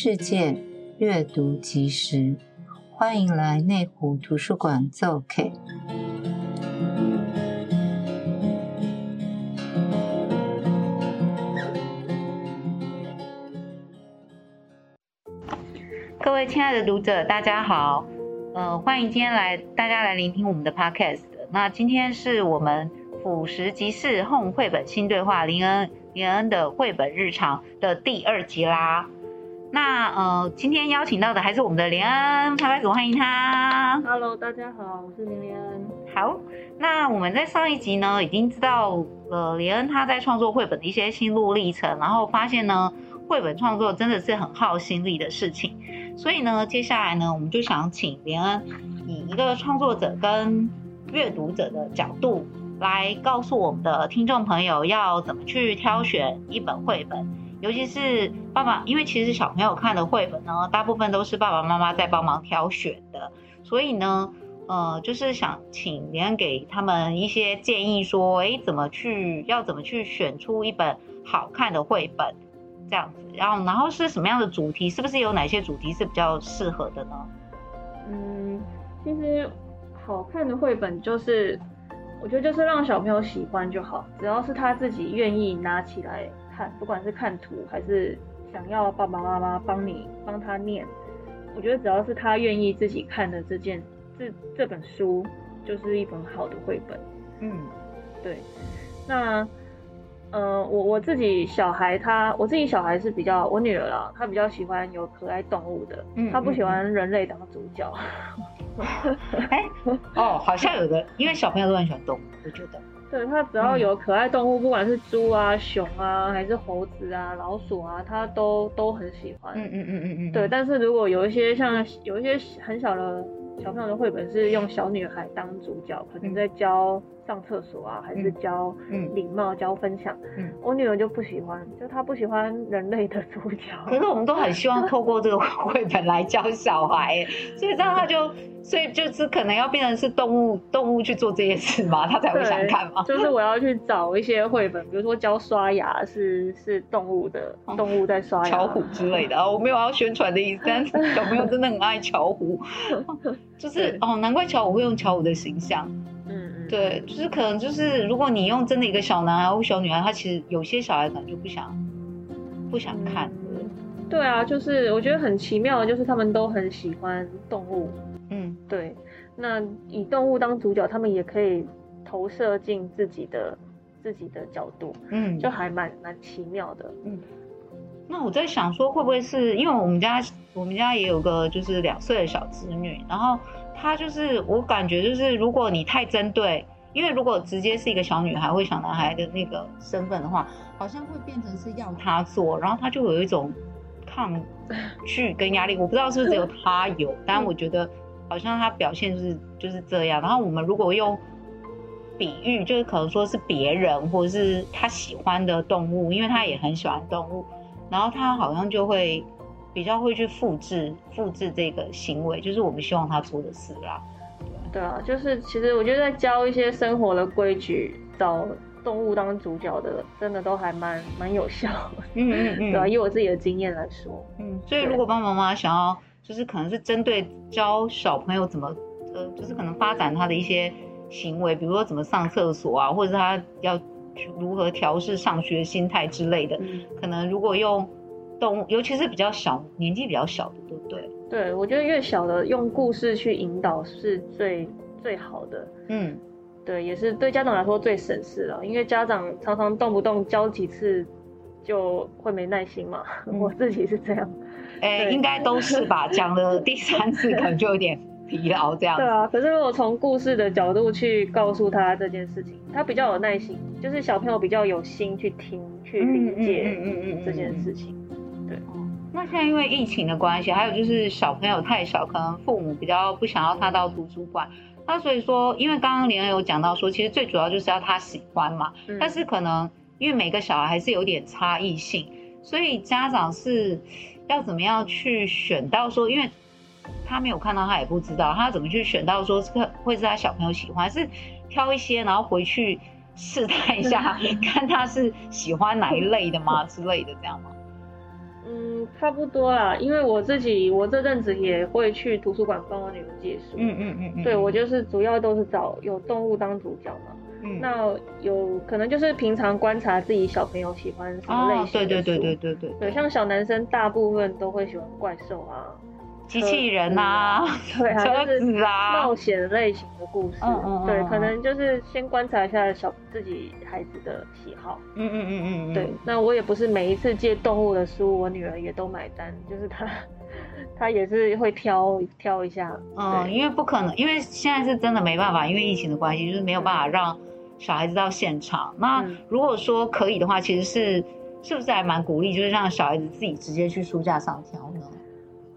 世界閱讀即時，歡迎來內湖圖書館做 K。各位親愛的讀者，大家好，呃、歡迎今天來大家來聆聽我們的 podcast。那今天是我們俯拾即是 Home 繪本心對話林廉恩林廉恩的繪本日常的第二集啦。那呃，今天邀請到的還是我們的廉恩，拍拍組歡迎他。Hello，大家好，我是廉恩。好，那我們在上一集呢，已經知道了廉恩他在創作繪本的一些心路歷程，然後發現呢，繪本創作真的是很耗心力的事情。所以呢，接下來呢，我們就想請廉恩以一個創作者跟閱讀者的角度，來告訴我們的聽眾朋友要怎麼去挑選一本繪本，尤其是爸爸，因為其實小朋友看的繪本呢，大部分都是爸爸媽媽在幫忙挑選的，所以呢，呃，就是想請廉恩給他們一些建議，說，哎，怎麼去要怎麼去選出一本好看的繪本，這樣子，然後然後是什麼樣的主題，是不是有哪些主題是比較適合的呢？嗯，其實好看的繪本就是。我覺得就是讓小朋友喜歡就好，只要是他自己願意拿起來看，不管是看圖還是想要爸爸媽媽幫你幫他念，我覺得只要是他願意自己看的這件這這本書就是一本好的繪本。嗯，對，那。嗯，我我自己小孩他，我自己小孩是比較我女兒啊，她比較喜歡有可愛動物的，她、嗯、不喜歡人類當主角。哎、 欸，哦，好像有的，因為小朋友都很喜歡動物，我覺得。對他只要有可愛動物，嗯、不管是豬啊、熊啊，還是猴子啊、老鼠啊，他都都很喜歡。嗯嗯嗯嗯嗯。對，但是如果有一些像有一些很小的小朋友的繪本是用小女孩當主角，可能在教。嗯上廁所啊，還是教禮貌、嗯嗯、教分享。嗯，我女兒就不喜歡，就她不喜歡人類的主角。可是我們都很希望透過這個繪本來教小孩，所以這樣她就、嗯，所以就是可能要變成是動物，動物去做這些事嘛，她才會想看嘛。就是我要去找一些繪本，比如說教刷牙是是動物的，動物在刷牙，哦、巧虎之類的啊。我沒有要宣傳的意思， 但是小朋友真的很愛巧虎，就是哦，難怪巧虎會用巧虎的形象。對，就是可能就是，如果你用真的一個小男孩或小女孩，他其實有些小孩可能就不想，不想看。嗯、對啊，就是我覺得很奇妙的就是他們都很喜歡動物。嗯，對。那以動物當主角，他們也可以投射進自己的自己的角度。嗯，就還蠻蠻奇妙的。嗯。那我在想說，會不會是因為我們家我們家也有個就是兩歲的小姪女，然後。他就是，我感覺就是，如果你太針對，因為如果直接是一個小女孩或小男孩的那個身份的話，好像會變成是讓他做，然後他就有一種抗拒跟壓力。我不知道是不是只有他有， 但我覺得好像他表現就是就是這樣。然後我們如果用比喻，就是可能說是別人，或者是他喜歡的動物，因為他也很喜歡動物，然後他好像就會。比較會去複製複製這個行為，就是我們希望他做的事啦。對，對啊，就是其實我覺得在教一些生活的規矩，找動物當主角的，真的都還蠻蠻有效的。嗯嗯嗯。對啊，以我自己的經驗來說。嗯，所以如果爸爸媽媽想要，就是可能是針對教小朋友怎麼，呃，就是可能發展他的一些行為，嗯，比如說怎麼上廁所啊，或者他要如何調適上學心態之類的，嗯，可能如果用。懂，尤其是比較小，年紀比較小的，對不對？對，我覺得越小的用故事去引導是最最好的。嗯，對，也是對家長來說最省事了，因為家長常常動不動教幾次就會沒耐心嘛。嗯、我自己是這樣，哎、欸，應該都是吧。講 了第三次可能就有點疲勞這樣子。對啊，可是如果從故事的角度去告訴他這件事情，他比較有耐心，就是小朋友比較有心去聽、去理解嗯嗯嗯嗯嗯這件事情。那現在因為疫情的關係，還有就是小朋友太小，可能父母比較不想要他到圖書館、嗯。那所以說，因為剛剛廉恩有講到說，其實最主要就是要他喜歡嘛。嗯、但是可能因為每個小孩還是有點差異性，所以家長是要怎麼樣去選到說，因為他沒有看到，他也不知道他怎麼去選到說這個會是他小朋友喜歡，是挑一些然後回去試探一下、嗯，看他是喜歡哪一類的嗎、嗯、之類的這樣嗎？嗯，差不多啦，因為我自己，我這陣子也會去圖書館幫我女兒借書。嗯嗯嗯嗯。對我就是主要都是找有動物當主角嘛。嗯。那有可能就是平常觀察自己小朋友喜歡什麼類型的書。哦，對對對對對對對對。對，像小男生大部分都會喜歡怪獸啊。機器人吶、啊，對，小孩子啊，冒險、啊就是、類型的故事，嗯嗯嗯對，可能就是先觀察一下小自己孩子的喜好，嗯嗯嗯嗯嗯，對，那我也不是每一次借動物的書，我女兒也都買單，就是她，她也是會挑挑一下，嗯，因為不可能，因為現在是真的沒辦法，因為疫情的關係，就是沒有辦法讓小孩子到現場。那如果說可以的話，其實是是不是還蠻鼓勵，就是讓小孩子自己直接去書架上挑呢？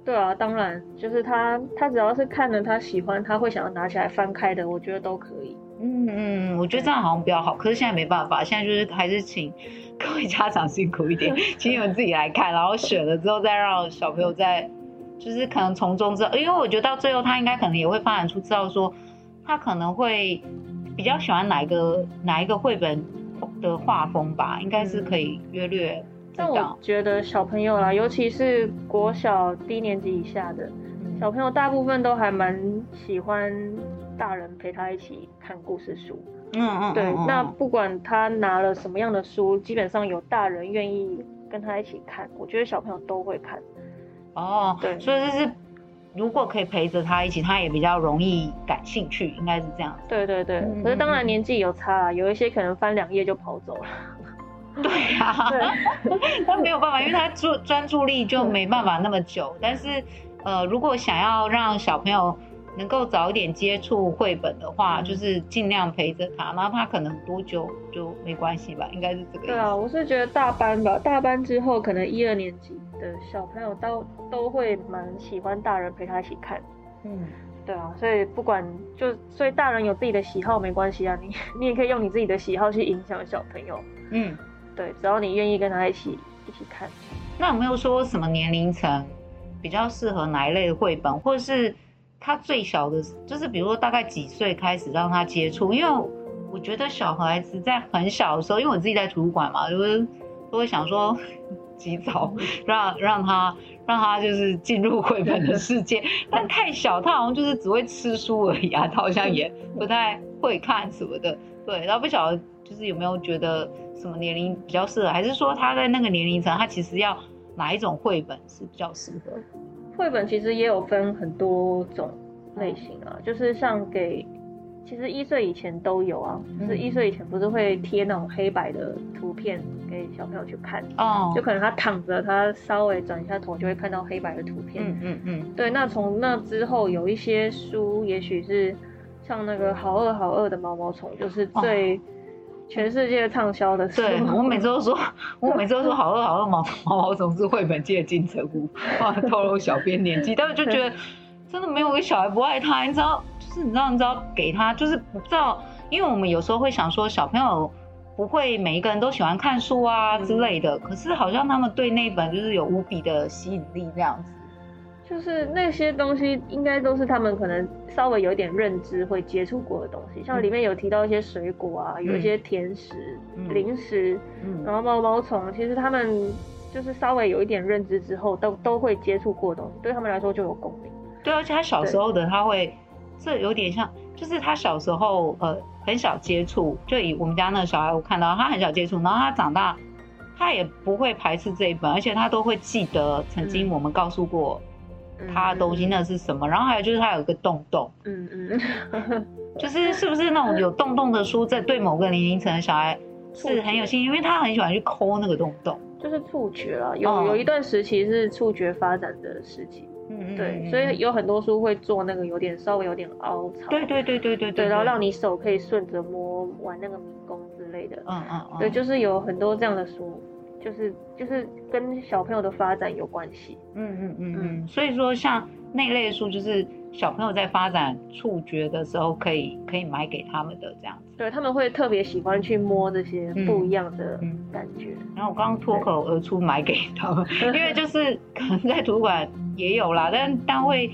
對啊，當然，就是他，他只要是看着他喜歡，他會想要拿起來翻開的，我覺得都可以。嗯嗯，我覺得這樣好像比較好，可是現在沒辦法，現在就是還是請各位家長辛苦一點， 請你們自己來看，然後選了之後再讓小朋友再， 就是可能從中知道，因為我覺得到最後他應該可能也會發展出知道說，他可能會比較喜歡哪一個哪一個繪本的畫風吧，應該是可以略略。嗯但我覺得小朋友啦，尤其是國小低年級以下的小朋友，大部分都還蠻喜歡大人陪他一起看故事書。嗯嗯，嗯嗯。對，那不管他拿了什麼樣的書，基本上有大人願意跟他一起看，我覺得小朋友都會看。哦，對。所以就是，如果可以陪着他一起，他也比較容易感興趣，應該是這樣子。對對對，嗯嗯嗯。可是當然年紀有差啊，有一些可能翻兩頁就跑走了。對啊， 他沒有辦法，因為他注專注力就沒辦法那麼久。但是，呃，如果想要讓小朋友能夠早一點接觸繪本的話，就是盡量陪着他，那他可能多久就沒關係吧？應該是這個。對啊，我是覺得大班吧，大班之後，可能一二年級的小朋友都都會蠻喜歡大人陪他一起看。嗯，對啊，所以不管就所以大人有自己的喜好沒關係啊，你你也可以用你自己的喜好去影響小朋友。嗯。對，只要你願意跟他一起一起看。那有沒有說什麼年齡層比較適合哪一類的繪本，或者是他最小的，就是比如說大概幾歲開始讓他接觸？因為我覺得小孩子在很小的時候，因為我自己在圖書館嘛，就是都會想說及早讓讓他讓他就是進入繪本的世界， 但太小，他好像就是只會吃書而已啊，他好像也不太會看什麼的，對，然後不曉得。就是有沒有覺得什麼年齡比較適合，還是說他在那個年齡層，他其實要哪一種繪本是比較適合？繪本其實也有分很多種類型啊，就是像給，其實一歲以前都有啊，嗯、就是一歲以前不是會貼那種黑白的圖片給小朋友去看哦、嗯，就可能他躺着，他稍微轉一下頭就會看到黑白的圖片。嗯嗯嗯。對，那從那之後有一些書，也許是像那個好餓好餓的毛毛蟲，就是最、嗯全世界暢銷的書。對，對，我每次都說，我每次都說好餓好餓 毛毛毛蟲，是繪本界的金城武啊，透露小編年紀， 但我就覺得真的沒有一個小孩不愛他，你知道，就是你知道你知道給他，就是不知道，因為我們有時候會想說小朋友不會每一個人都喜歡看書啊之類的，嗯、可是好像他們對那本就是有無比的吸引力這樣子。就是那些東西，應該都是他們可能稍微有點認知會接觸過的東西，像裡面有提到一些水果啊，嗯、有一些甜食、嗯、零食，嗯、然後毛毛蟲，其實他們就是稍微有一點認知之後都，都都會接觸過的東西，對他們來說就有共鳴。對，而且他小時候的他會，這有點像，就是他小時候呃很少接觸，就以我們家那個小孩我看到他很少接觸，然後他長大，他也不會排斥這一本，而且他都會記得曾經我們告訴過。嗯他的東西那是什麼？嗯嗯，然後還有就是他有一個洞洞，嗯嗯， 就是是不是那種有洞洞的書，在對某個年齡層的小孩是很有興趣，因為他很喜歡去摳那個洞洞，就是觸覺了。有、哦、有,有一段時期是觸覺發展的時期，嗯嗯,嗯嗯，對，所以有很多書會做那個有點稍微有點凹槽，對對對對對對,對,對，然後讓你手可以順着摸玩那個迷宮之類的，嗯嗯嗯，對，就是有很多這樣的書。就是就是跟小朋友的發展有關係，嗯嗯嗯嗯，所以說像那類書，就是小朋友在發展觸覺的時候，可以可以買給他們的這樣子，對，他們會特別喜歡去摸這些不一樣的感覺。嗯嗯嗯，然後我剛脫口而出買給他們，因為就是可能在圖書館也有啦，但但會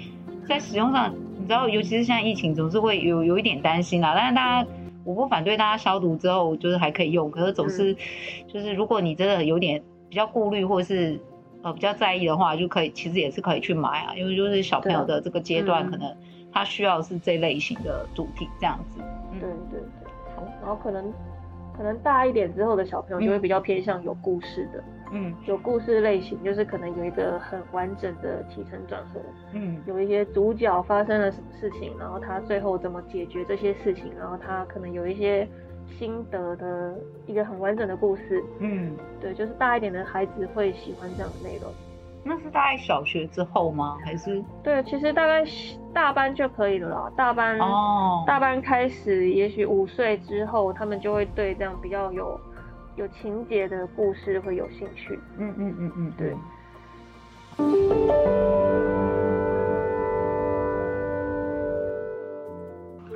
在使用上，你知道，尤其是現在疫情，總是會有有一點擔心啦，但是大家。我不反對大家消毒之後就是還可以用，可是總是就是如果你真的有點比較顧慮或者是呃比較在意的話，就可以其實也是可以去買啊，因為就是小朋友的這個階段可能他需要是這類型的主題這樣子，嗯。對對對，好，然後可能可能大一點之後的小朋友就會比較偏向有故事的。嗯，有故事類型，就是可能有一個很完整的起承轉合。嗯，有一些主角發生了什麼事情，然後他最後怎麼解決這些事情，然後他可能有一些心得的一個很完整的故事。嗯，對，就是大一點的孩子會喜歡這樣的內容。那是大概小學之後嗎？還是？對，其實大概大班就可以了啦。大班哦，大班開始，也許五歲之後，他們就會對這樣比較有。有情節的故事會有興趣。嗯嗯嗯嗯，對。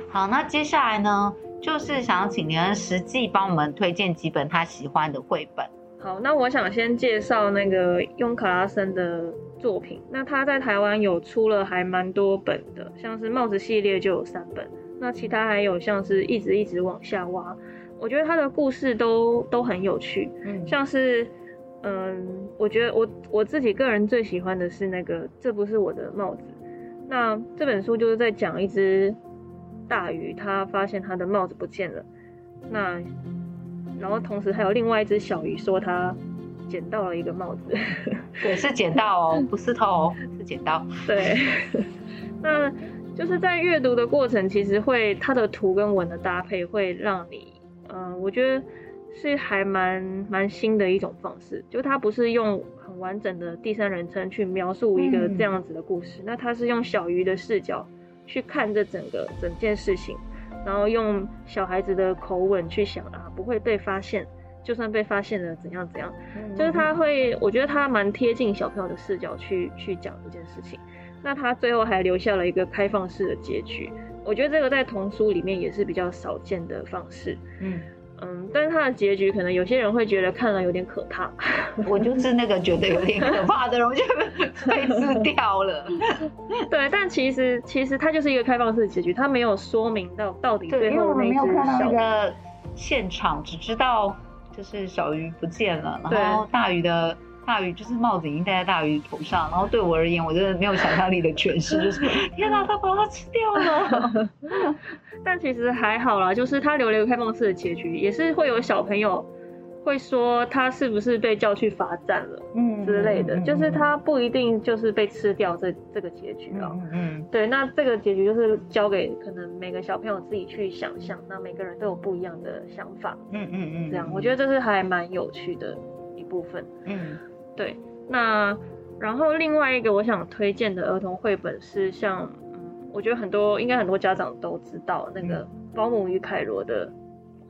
好，那接下來呢，就是想要請您實際幫我們推薦幾本他喜歡的繪本。好，那我想先介紹那個雍卡拉森的作品。那他在台灣有出了還蠻多本的，像是帽子系列就有三本，那其他還有像是一直一直往下挖。我覺得他的故事都都很有趣，嗯，像是，嗯，我覺得我我自己個人最喜歡的是那個《這不是我的帽子》。那這本書就是在講一只大魚，它發現它的帽子不見了，那然後同時還有另外一只小魚說它撿到了一個帽子。對，是撿到哦，不是偷哦，是撿到。 對，那就是在閱讀的過程，其實會它的圖跟文的搭配會讓你。嗯，我覺得是還蠻蠻新的一種方式，就他不是用很完整的第三人稱去描述一個這樣子的故事，嗯，那他是用小魚的視角去看這整個整件事情，然後用小孩子的口吻去想啊，不會被發現，就算被發現了怎樣怎樣，嗯嗯，就是他會，我覺得他蠻貼近小朋友的視角去去講一件事情，那他最後還留下了一個開放式的結局。我覺得這個在童書裡面也是比較少見的方式，嗯、嗯，但是它的結局可能有些人會覺得看了有點可怕，我就是那個覺得有點可怕的人，我 就被吃掉了。對，但其實其實它就是一個開放式的結局，它沒有說明到到底最後，那我沒有看到一個現場，只知道就是小魚不見了，然後大魚的。大魚就是帽子已經戴在大魚頭上，然後對我而言，我覺得沒有想象力的詮釋，就是 天哪、啊，他把他吃掉了。 但其實還好啦，就是他留了一個開放式的結局，也是會有小朋友會說他是不是被叫去罰站了，嗯之類的嗯嗯嗯嗯，就是他不一定就是被吃掉這這個結局啊、喔。嗯嗯。對，那這個結局就是交給可能每個小朋友自己去想象，那每個人都有不一樣的想法。嗯嗯嗯，嗯。這樣，我覺得這是還蠻有趣的。一部分，嗯，對，那然後另外一個我想推薦的兒童繪本是像，我覺得很多，應該很多家長都知道、嗯、那個《包姆與凱羅》的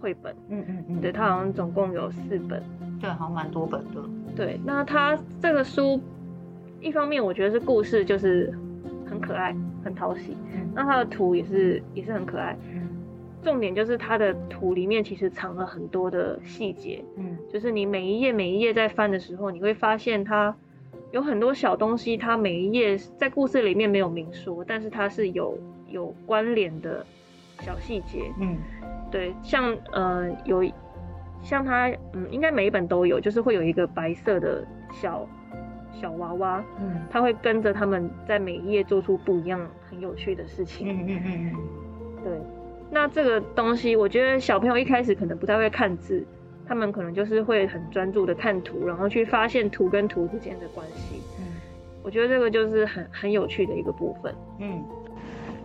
繪本，嗯嗯嗯，對，它好像總共有四本，對，好像蠻多本的，對，那它這個書一方面我覺得是故事就是很可愛，嗯、很討喜，那它的圖也是、嗯、也是很可愛。嗯重點就是它的圖裡面其實藏了很多的細節，嗯，就是你每一頁每一頁在翻的時候，你會發現它有很多小東西，它每一頁在故事裡面沒有明說，但是它是有有關聯的小細節，嗯，對，像呃有像它，嗯，應該每一本都有，就是會有一個白色的小小娃娃，嗯，它會跟着他們在每一頁做出不一樣很有趣的事情，嗯，對。那這個東西，我覺得小朋友一開始可能不太會看字，他們可能就是會很專注的看圖，然後去發現圖跟圖之間的關係。嗯，我覺得這個就是很很有趣的一個部分。嗯，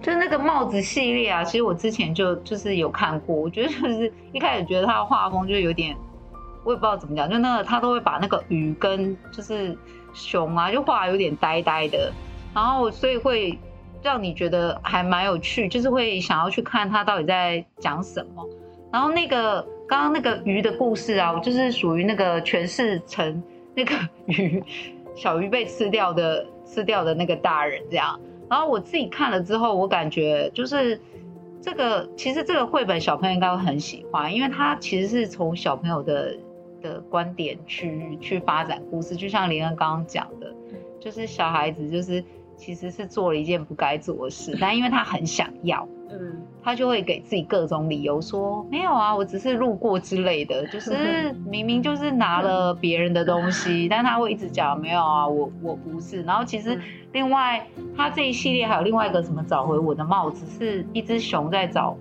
就那個帽子系列啊，其實我之前就就是有看過，我覺得就是一開始覺得他的畫風就有點，我也不知道怎麼講，就那個他都會把那個魚跟就是熊啊，就畫有點呆呆的，然後所以會。讓你覺得還蠻有趣，就是會想要去看他到底在講什麼。然後那個剛剛那個魚的故事啊，就是屬於那個詮釋成那個魚，小魚被吃掉的，吃掉的那個大人這樣。然後我自己看了之後，我感覺就是這個，其實這個繪本小朋友應該會很喜歡，因為它其實是從小朋友的的觀點去去發展故事，就像廉恩剛剛講的，就是小孩子就是。其實是做了一件不該做的事，但因為他很想要，嗯，他就會給自己各種理由說，沒有啊，我只是路過之類的，就是明明就是拿了別人的東西，但他會一直講沒有啊，我我不是。然後其實另外他這一系列還有另外一個什麼找回我的帽子，是一隻熊在找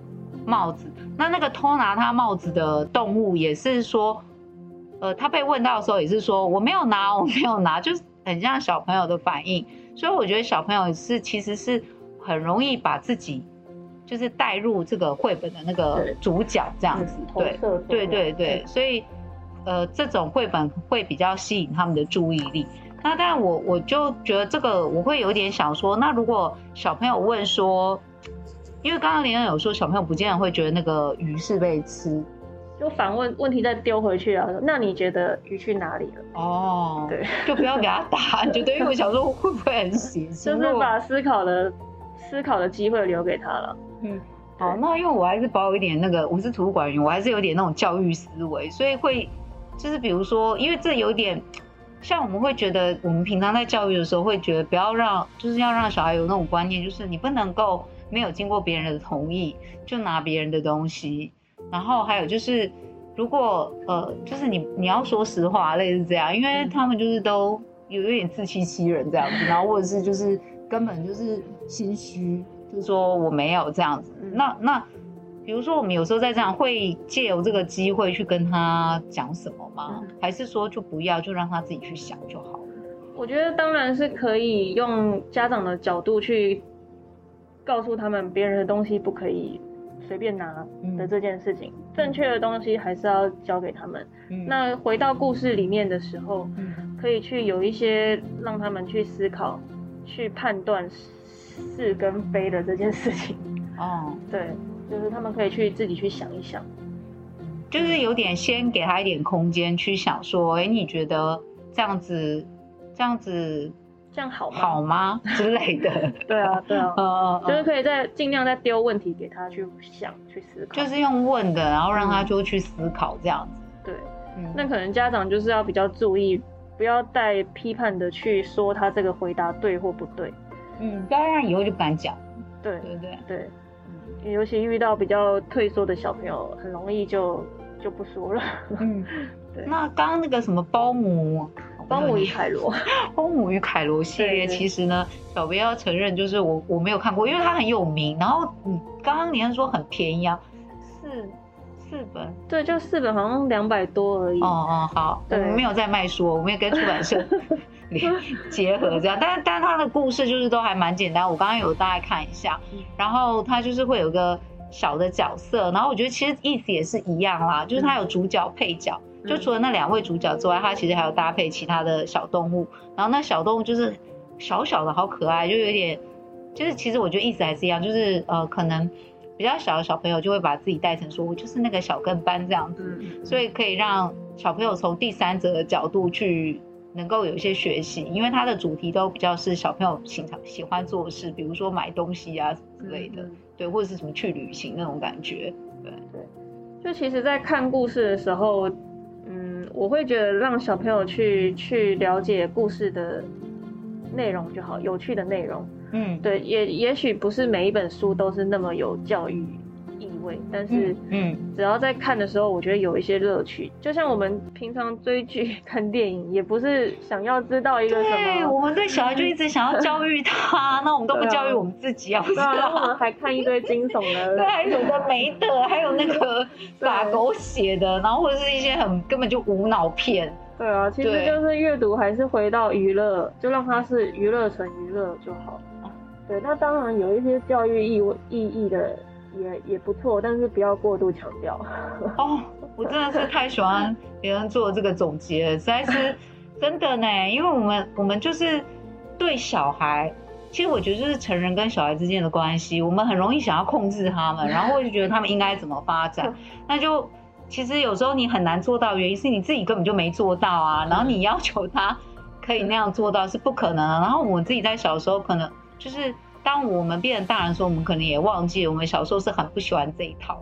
帽子，那那個偷拿他帽子的動物也是說，呃，他被問到的時候也是說我沒有拿，我沒有拿，就是很像小朋友的反應。所以我覺得小朋友是其實是很容易把自己就是帶入這個繪本的那個主角這樣子，對對,對對對。對對對對對所以呃，這種繪本會比較吸引他們的注意力。那但我我就覺得這個我會有點想說，那如果小朋友問說，因為剛剛廉恩有說小朋友不見得會覺得那個魚是被吃。就反問問題，再丟回去啊？那你覺得魚去哪裡了？哦，對，就不要給他答案。 你覺得因為我小時候會不會很鹹？就是把思考的 思考的機會留給他了。嗯，好，那因為我還是保有一點那個，我是圖書館員，我還是有點那種教育思維，所以會就是比如說，因為這有點像我們會覺得，我們平常在教育的時候會覺得，不要讓，就是要讓小孩有那種觀念，就是你不能夠沒有經過別人的同意就拿別人的東西。然後還有就是，如果呃，就是你你要說實話，類似這樣，因為他們就是都有一點自欺欺人這樣子，嗯、然後或者是就是根本就是心虛，就是說我沒有這樣子。嗯、那那比如說我們有時候在這樣會借由這個機會去跟他講什麼嗎？嗯、還是說就不要就讓他自己去想就好了？我覺得當然是可以用家長的角度去告訴他們，別人的東西不可以，隨便拿的這件事情，嗯、正確的東西還是要交給他們。嗯、那回到故事裡面的時候，嗯，可以去有一些讓他們去思考、嗯、去判斷是跟非的這件事情。哦、嗯，對，就是他們可以去自己去想一想，就是有點先給他一點空間去想，說，哎、欸，你覺得這樣子，這樣子。像好嗎好嗎之類的？ 對啊，對啊，啊嗯嗯嗯、就是可以再盡量再丟問題給他去想、去思考，就是用問的，然後讓他就去思考這樣子、嗯。對、嗯，那可能家長就是要比較注意，不要帶批判的去說他這個回答對或不對。嗯，不然以後就不敢講。嗯、對對對對，嗯，尤其遇到比較退縮的小朋友，很容易就就不說了。嗯 對。那剛剛那個什麼包姆。《包姆與凱羅》《包姆與凱羅》系列，其實呢，小編要承認，就是我我沒有看過，因為它很有名。然後嗯，剛剛你是說很便宜啊？四四本，對，就四本，好像兩百多而已。哦、嗯、哦、嗯，好，對我們沒有在賣書，我們沒有跟出版社聯結合這樣。 但是但是它的故事就是都還蠻簡單。我剛剛有大概看一下，然後它就是會有個小的角色，然後我覺得其實意思也是一樣啦，就是它有主角配角。嗯嗯就除了那兩位主角之外，他其實還有搭配其他的小動物，然後那小動物就是小小的好可愛，就有點，就是其實我覺得意思還是一樣，就是呃，可能比較小的小朋友就會把自己帶成說我就是那個小跟班這樣子，嗯，所以可以讓小朋友從第三者的角度去能夠有一些學習，因為他的主題都比較是小朋友喜歡喜歡做事，比如說買東西啊之類的，對，或者是什麼去旅行那種感覺，對對，就其實，在看故事的時候。嗯，我會覺得讓小朋友去去了解故事的內容就好，有趣的內容。嗯，對，也也許不是每一本書都是那麼有教育。但是，嗯，只要在看的時候，我覺得有一些樂趣。就像我們平常追劇、看電影，也不是想要知道一個什麼、嗯。對，我們對小孩就一直想要教育他，那我們都不教育我們自己，要死了！然後還看一堆驚悚的，對，有的沒的，還有那個拉狗血的，然後或者是一些很根本就無腦片。對啊，其實就是閱讀還是回到娛樂，就讓他是娛樂成娛樂就好。對，那當然有一些教育意意義的。也也不錯，但是不要過度強調。哦，我真的是太喜歡別人做這個總結了， 實在是真的呢。因為我們我們就是對小孩，其實我覺得就是成人跟小孩之間的關係，我們很容易想要控制他們，然後我就覺得他們應該怎麼發展， 那就其實有時候你很難做到，原因是你自己根本就沒做到啊。然後你要求他可以那樣做到是不可能的。然後我自己在小時候可能就是。當我們變成大人說，我們可能也忘記了，我們小時候是很不喜歡這一套。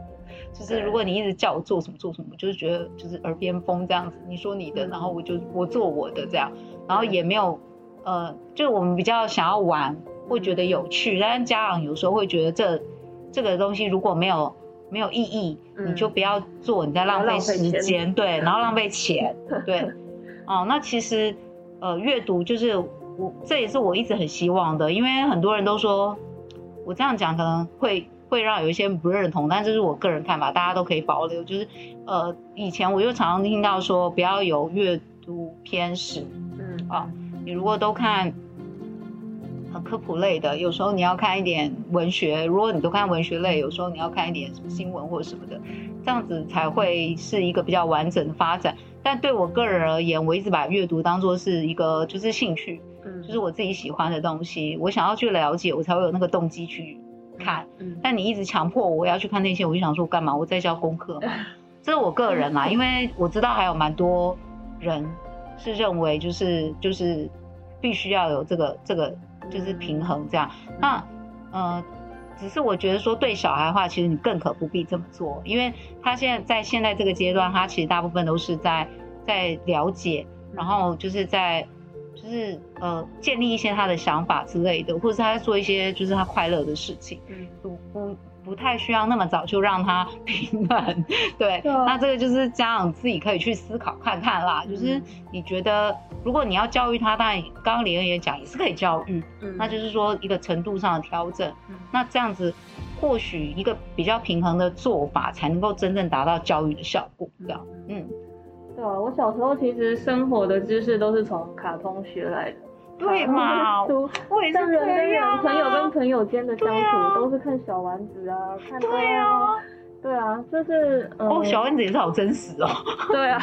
就是如果你一直叫我做什麼做什麼，就是覺得就是耳邊風這樣子。你說你的，然後我就我做我的這樣，然後也沒有，呃，就是我們比較想要玩，會覺得有趣。但是家長有時候會覺得這這個東西如果沒有沒有意義。嗯，你就不要做，你在浪費時間，對，然後浪費錢， 對。哦，那其實呃，閱讀就是。我這也是我一直很希望的，因為很多人都說我這樣講可能會會讓有一些人不認同，但這是我個人看法，大家都可以保留。就是，呃，以前我就常常聽到說不要有閱讀偏食，嗯啊，你如果都看，科普類的，有時候你要看一點文學，如果你都看文學類，有時候你要看一點什麼新聞或者什麼的，這樣子才會是一個比較完整的發展。但對我個人而言，我一直把閱讀當作是一個就是興趣。就是我自己喜歡的東西，我想要去了解，我才會有那個動機去看。但你一直強迫我要去看那些，我就想說，幹嘛？我在交功課嘛。這是我個人嘛、啊，因為我知道還有蠻多人是認為，就是就是必須要有這個這個就是平衡這樣。那呃，只是我覺得說對小孩的話，其實你更可不必這麼做，因為他現在在現在這個階段，他其實大部分都是在在了解，然後就是在。就是呃，建立一些他的想法之類的，或者是他在做一些就是他快樂的事情，嗯，不不太需要那麼早就讓他平衡、嗯，對、嗯，那這個就是家長自己可以去思考看看啦。就是你覺得，如果你要教育他，當然剛剛廉恩也講也是可以教育，嗯，那就是說一個程度上的調整、嗯，那這樣子或許一個比較平衡的做法才能夠真正達到教育的效果，這樣，嗯。對啊，我小時候其實生活的知識都是從卡通學來的，對嗎？書、啊，像、啊、人跟人、朋友跟朋友間的相處、啊，都是看小丸子啊，看對啊，對啊，就是、呃、哦，小丸子也是好真實哦，對啊，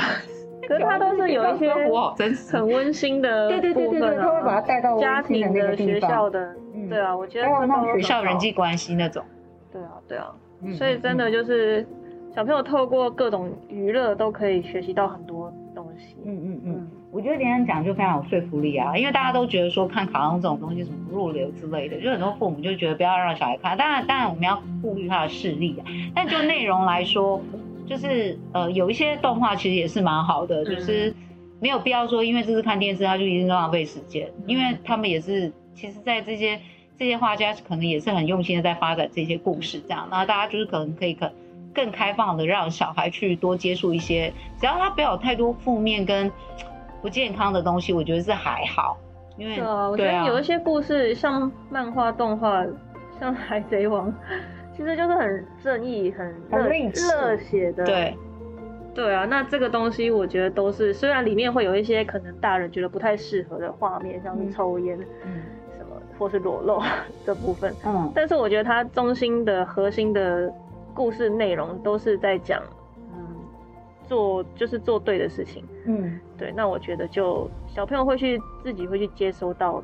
可是他都是有一些很溫馨的部分、啊， 對對對對對，他會把它帶到家庭的、嗯、學校的，對啊，我覺得學校人際關係那種、啊，對啊，對啊，所以真的就是。嗯嗯小朋友透過各種娛樂都可以學習到很多東西。嗯嗯嗯，嗯，我覺得廉恩講就非常有說服力啊，因為大家都覺得說看卡通這種東西什麼不入流之類的，就很多父母就覺得不要讓小孩看。當然，當然我們要顧慮他的視力啊。但就內容來說， 就是呃，有一些動畫其實也是蠻好的，就是沒有必要說因為這是看電視，他就一定浪費時間。因為他們也是其實在這些這些畫家可能也是很用心的在發展這些故事，這樣，那大家就是可能可以可。更開放的，讓小孩去多接觸一些，只要他不要有太多負面跟不健康的東西，我覺得是還好。因為對啊，我覺得有一些故事，像漫畫、動畫，像《海賊王》，其實就是很正義、很熱很熱血的。對對啊，那這個東西我覺得都是，雖然裡面會有一些可能大人覺得不太適合的畫面，像是抽煙、嗯什麼或是裸露的部分，嗯，但是我覺得它中心的核心的。故事內容都是在講，嗯，做就是做對的事情，嗯，對。那我覺得就小朋友會去自己會去接收到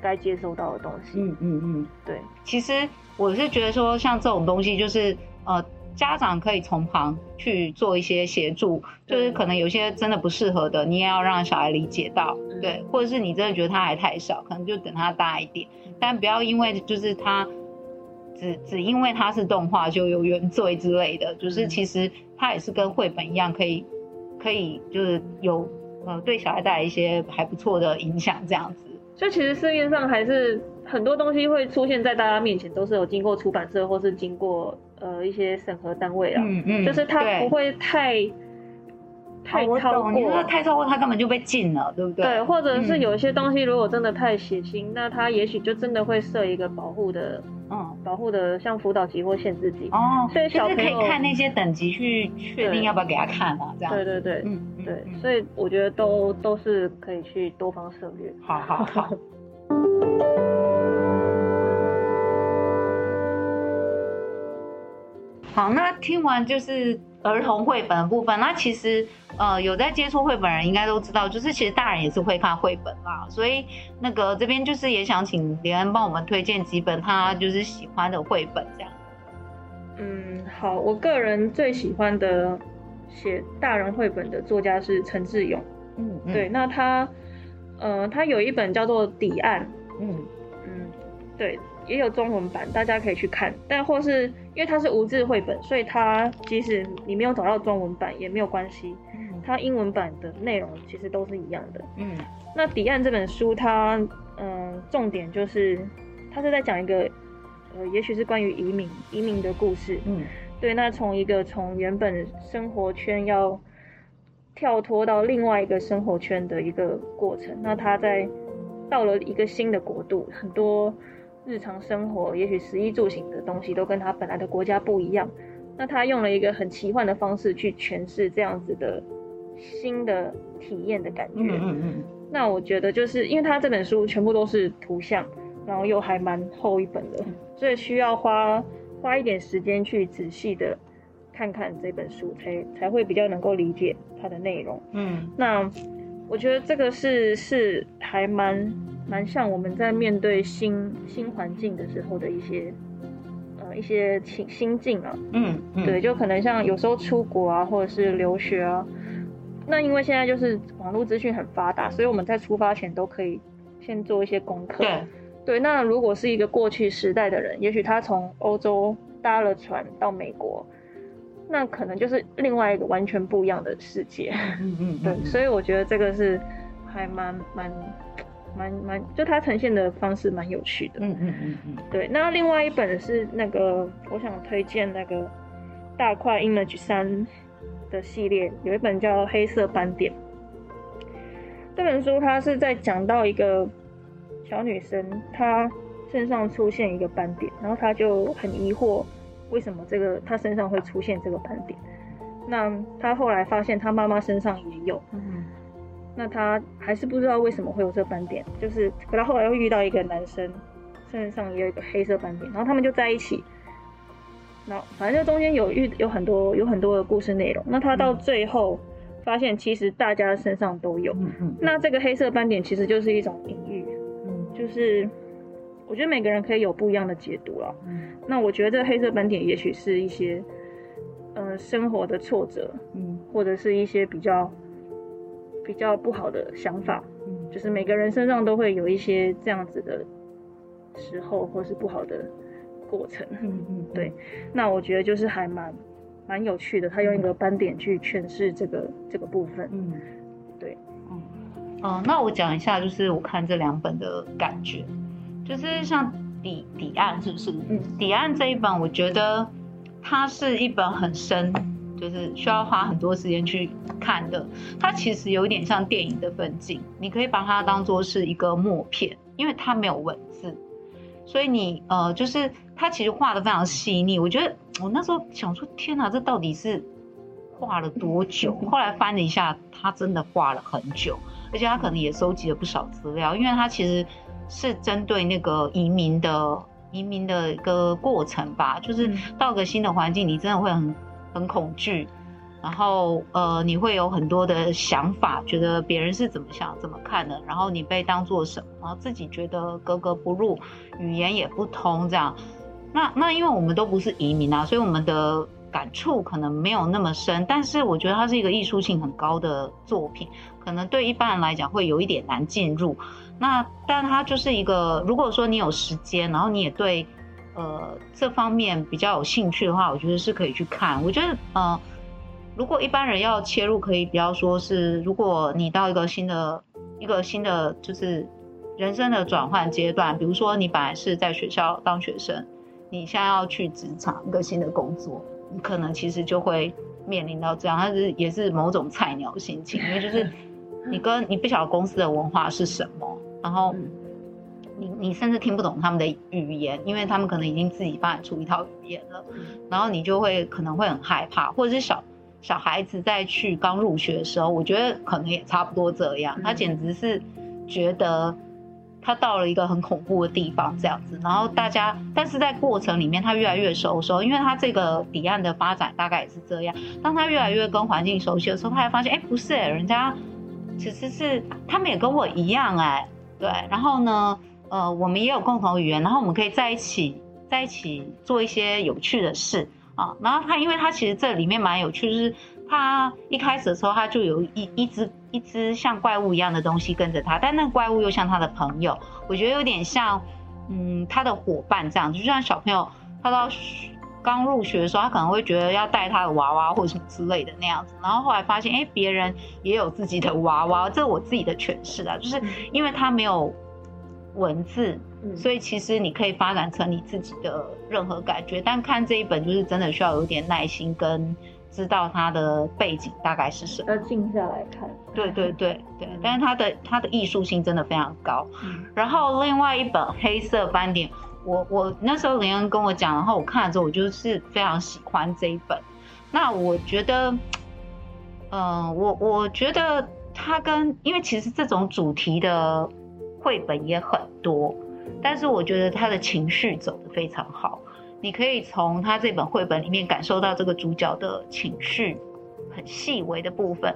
該接收到的東西，嗯嗯嗯，對。其實我是覺得說，像這種東西就是，呃，家長可以從旁去做一些協助，就是可能有些真的不適合的，你也要讓小孩理解到、嗯，對。或者是你真的覺得他還太小，可能就等他大一點，但不要因為就是他。只只因為它是動畫，就有原罪之類的，就是其實它也是跟繪本一樣，可以可以就是有呃對小孩帶來一些還不錯的影響這樣子。就其實市面上還是很多東西會出現在大家面前，都是有經過出版社或是經過呃一些審核單位啊嗯，嗯。就是它不會太。太超過，哦，你說太超過，他根本就被禁了，對不對？對，或者是有一些東西，如果真的太血腥，嗯，那他也許就真的會設一個保護的，嗯，保護的，像輔導級或限制級哦。所以小朋友就是可以看那些等級去確定要不要給他看嘛，啊，這樣。對對對，嗯，對嗯，所以我覺得都，嗯，都是可以去多方涉略。好，好好好。好，那聽完就是。兒童繪本的部分，那其實呃有在接觸繪本人應該都知道，就是其實大人也是會看繪本啦。所以那個這邊就是也想請廉恩幫我們推薦幾本他就是喜歡的繪本，這樣。嗯，好，我個人最喜歡的寫大人繪本的作家是陳志勇嗯。嗯，對，那他呃他有一本叫做《抵岸》。嗯嗯，對。也有中文版，大家可以去看。但或是因為它是無字繪本，所以它即使你沒有找到中文版也沒有關係。它英文版的內容其實都是一樣的。嗯，那《抵岸》這本書它，它嗯，重點就是它是在講一個呃，也許是關於移民移民的故事。嗯，對。那從一個從原本生活圈要跳脫到另外一個生活圈的一個過程。那他在到了一個新的國度，很多，日常生活，也許食衣住行的東西都跟他本來的國家不一樣。那他用了一個很奇幻的方式去詮釋這樣子的新的體驗的感覺。嗯嗯，嗯。那我覺得就是因為他這本書全部都是圖像，然後又還蠻厚一本的，嗯，所以需要花花一點時間去仔細的看看這本書，才才會比較能夠理解它的內容。嗯。那我覺得這個是是還蠻，嗯。蠻像我們在面對新新環境的時候的一些，呃、一些情心境啊，嗯。嗯，對，就可能像有時候出國啊，或者是留學啊。那因為現在就是網絡資訊很發達，所以我們在出發前都可以先做一些功課。對、嗯，對。那如果是一個過去時代的人，也許他從歐洲搭了船到美國，那可能就是另外一個完全不一樣的世界。嗯嗯，對。所以我覺得這個是還蠻蠻。蠻蠻，就它呈現的方式蠻有趣的。嗯嗯嗯嗯，對。那另外一本是那個，我想推薦那個大塊 Image 三的系列，有一本叫《黑色斑點》。這本書它是在講到一個小女生，她身上出現一個斑點，然後她就很疑惑為什麼這個她身上會出現這個斑點。那她後來發現她媽媽身上也有。嗯那他還是不知道為什麼會有這斑點，就是，可他後來又遇到一個男生，身上也有一個黑色斑點，然後他們就在一起。那反正就中間有遇有很多有很多的故事內容。那他到最後發現，其實大家身上都有、嗯。那這個黑色斑點其實就是一種隱喻、嗯，就是我覺得每個人可以有不一樣的解讀了、嗯。那我覺得這個黑色斑點也許是一些、呃，生活的挫折、嗯，或者是一些比較。比較不好的想法、嗯，就是每個人身上都會有一些這樣子的時候，或是不好的過程。嗯嗯，對。那我覺得就是還蠻蠻有趣的，他用一個斑點去詮釋這個、嗯、這個部分。嗯，對。嗯嗯、那我講一下，就是我看這兩本的感覺，就是像抵《抵抵岸》是不是？嗯，《抵岸》這一本，我覺得它是一本很深。就是需要花很多時間去看的，它其實有點像電影的分鏡，你可以把它當做是一個默片，因為它沒有文字，所以你呃，就是它其實畫得非常細膩。我覺得我那時候想說，天哪啊，這到底是畫了多久啊？後來翻了一下，它真的畫了很久，而且它可能也收集了不少資料，因為它其實是針對那個移民的移民的一個過程吧，就是到個新的環境，你真的會很。很恐懼，然後呃，你會有很多的想法，覺得別人是怎麼想、怎麼看的，然後你被當做什麼，然後自己覺得格格不入，語言也不通，這樣。那那因為我們都不是移民啊，所以我們的感觸可能沒有那麼深。但是我覺得它是一個藝術性很高的作品，可能對一般人來講會有一點難進入。那但它就是一個，如果說你有時間，然後你也對。呃，這方面比較有興趣的話，我覺得是可以去看。我覺得，呃，如果一般人要切入，可以比較說是，如果你到一個新的、一個新的，就是人生的轉換階段，比如說你本來是在學校當學生，你現在要去職場一個新的工作，你可能其實就會面臨到這樣，但是也是某種菜鳥心情，因為就是你跟你不曉得公司的文化是什麼，然後。你你甚至聽不懂他們的語言，因為他們可能已經自己發展出一套語言了，然後你就會可能會很害怕，或者是小小孩子在去剛入學的時候，我覺得可能也差不多這樣。他簡直是覺得他到了一個很恐怖的地方這樣子，然後大家，但是在過程裡面他越來越收收，因為他這個抵岸的發展大概也是這樣。當他越來越跟環境熟悉的時候，他才發現哎、欸、不是哎、欸，人家其實是他們也跟我一樣哎、欸，對，然後呢？呃，我們也有共同語言，然後我們可以在一起，在一起做一些有趣的事啊。然後他，因為他其實這裡面蠻有趣，就是他一開始的時候，他就有一一隻一隻像怪物一樣的東西跟着他，但那個怪物又像他的朋友，我覺得有點像，嗯，他的夥伴這樣子。就像小朋友他到剛入學的時候，他可能會覺得要帶他的娃娃或什麼之類的那樣子，然後後來發現，哎，別人也有自己的娃娃，這是我自己的詮釋啊，就是因為他沒有。文字，所以其實你可以發展成你自己的任何感覺。嗯、但看這一本就是真的需要有點耐心，跟知道它的背景大概是什麼，要靜下來看。對對對、嗯、對，但是它的它的藝術性真的非常高。嗯、然後另外一本《黑色斑點》我，我我那時候廉恩跟我講，然後我看了之後，我就是非常喜歡這一本。那我覺得，嗯、呃，我我覺得它跟因為其實這種主題的。繪本也很多，但是我覺得他的情緒走得非常好。你可以從他這本繪本裡面感受到這個主角的情緒，很細微的部分。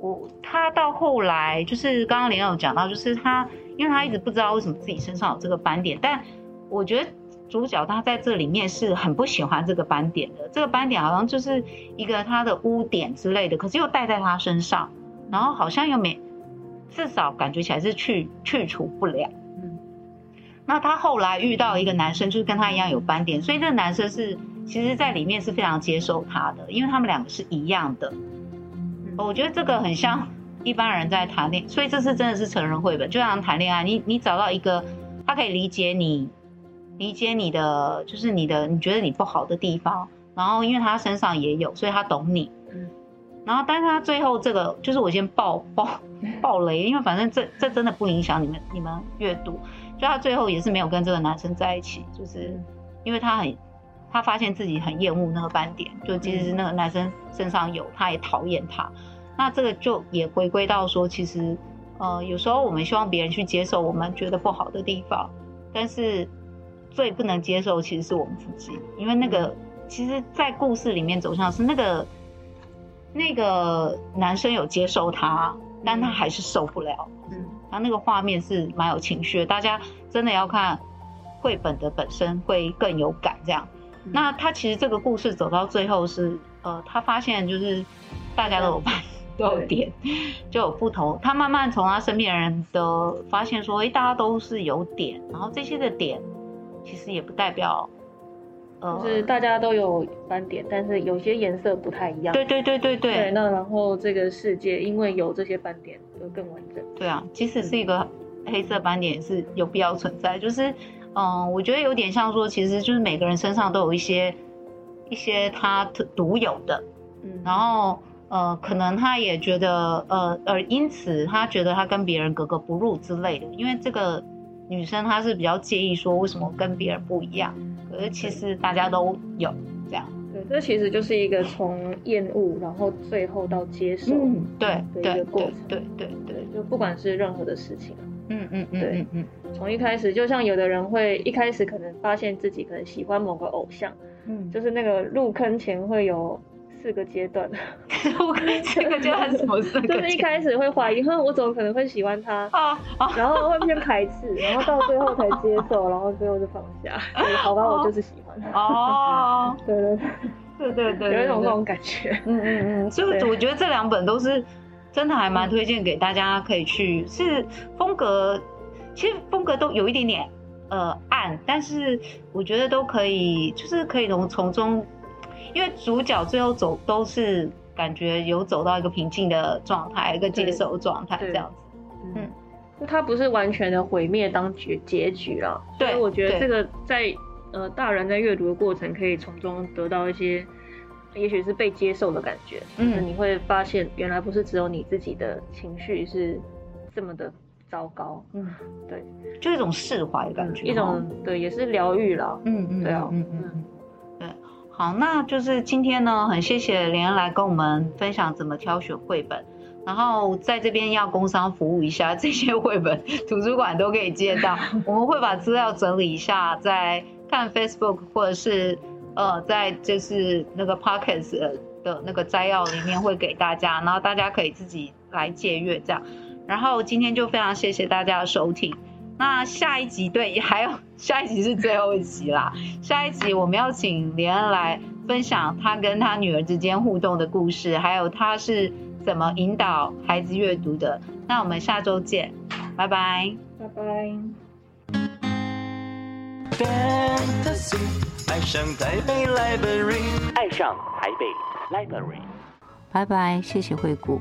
我他到後來就是剛剛林有講到，就是他因為他一直不知道為什麼自己身上有這個斑點，但我覺得主角他在這裡面是很不喜歡這個斑點的。這個斑點好像就是一個他的污點之類的，可是又帶在他身上，然後好像又沒。至少感覺起來是去去除不了。嗯，那他後來遇到一個男生，就是跟他一樣有斑點，所以這個男生是其實在裡面是非常接受他的，因為他們兩個是一樣的。嗯。我覺得這個很像一般人在談戀愛，所以這是真的是成人繪本，就像談戀愛，你你找到一個他可以理解你，理解你的就是你的你覺得你不好的地方，然後因為他身上也有，所以他懂你。然後，但是他最後這個就是我先爆爆爆雷，因為反正這這真的不影響你們你們閱讀。就他最後也是沒有跟這個男生在一起，就是因為他很他發現自己很厭惡那個斑點，就其實是那個男生身上有，他也討厭他。那這個就也回歸到說，其實呃，有時候我們希望別人去接受我們覺得不好的地方，但是最不能接受其實是我們自己，因為那個其實，在故事裡面走向是那個。那個男生有接受他，但他還是受不了。嗯，他那個畫面是蠻有情緒的，大家真的要看繪本的本身會更有感。這樣，嗯，那他其實這個故事走到最後是，呃，他發現就是大家都有辦，都有點， 對 就有不同。他慢慢從他身邊的人都的發現說，哎，欸，大家都是有點，然後這些的點其實也不代表，就是大家都有斑點，嗯、但是有些顏色不太一樣。對對對對對，對，對。那然後這個世界因為有這些斑點就更完整。對啊，即使是一個黑色斑點也是有必要存在。嗯、就是，嗯，我覺得有點像說，其實就是每個人身上都有一些一些他獨獨有的。嗯、然後呃，可能他也覺得呃呃，而因此他覺得他跟別人格格不入之類的。因為這個女生她是比較介意說為什麼跟別人不一樣。可是其實大家都有這樣，對，這其實就是一個從厭惡，然後最後到接受，對，的一個過程，嗯、對對對,對,對,對,對，就不管是任何的事情、啊，嗯嗯對，嗯嗯，從、嗯嗯、一開始就像有的人會一開始可能發現自己可能喜歡某個偶像，嗯，就是那個入坑前會有。四個階段， 四個階段是什麼？就是一開始會懷疑，哼， 我怎麼可能會喜歡他？啊，啊然後會偏排斥，啊，然後到最後才接受，啊、然後最後就放下。啊、好吧，啊，我就是喜歡他。哦、啊啊啊，對對對對，有一種這種感覺。嗯嗯嗯，所以我覺得這兩本都是真的，還蠻推薦給大家可以去。是風格，嗯、其實風格都有一點點呃暗，但是我覺得都可以，就是可以從從中。因為主角最後走都是感覺有走到一個平靜的狀態，一個接受狀態這樣子。嗯，他、嗯、不是完全的毀滅當結結局了。對，所以我覺得這個在呃大人在閱讀的過程，可以從中得到一些，也許是被接受的感覺。嗯，你會發現原來不是只有你自己的情緒是這麼的糟糕。嗯，對，就是一種釋懷的感覺，嗯、一種、哦、對，也是療癒了。嗯嗯，嗯，嗯嗯，對啊，嗯嗯。好，那就是今天呢，很謝謝廉恩來跟我們分享怎麼挑選繪本，然後在這邊要工商服務一下這些繪本，圖書館都可以借到，我們會把資料整理一下，在看 Facebook 或者是呃，在就是那個 Podcast 的那個摘要裡面會給大家，然後大家可以自己來借閱這樣，然後今天就非常謝謝大家的收聽。那下一集對，還有下一集是最後一集啦。下一集我們要請廉恩來分享他跟他女兒之間互動的故事，還有他是怎麼引導孩子閱讀的。那我們下周見，拜拜，拜拜。愛上台北 Library，愛上台北 Library。拜拜，謝謝惠顧。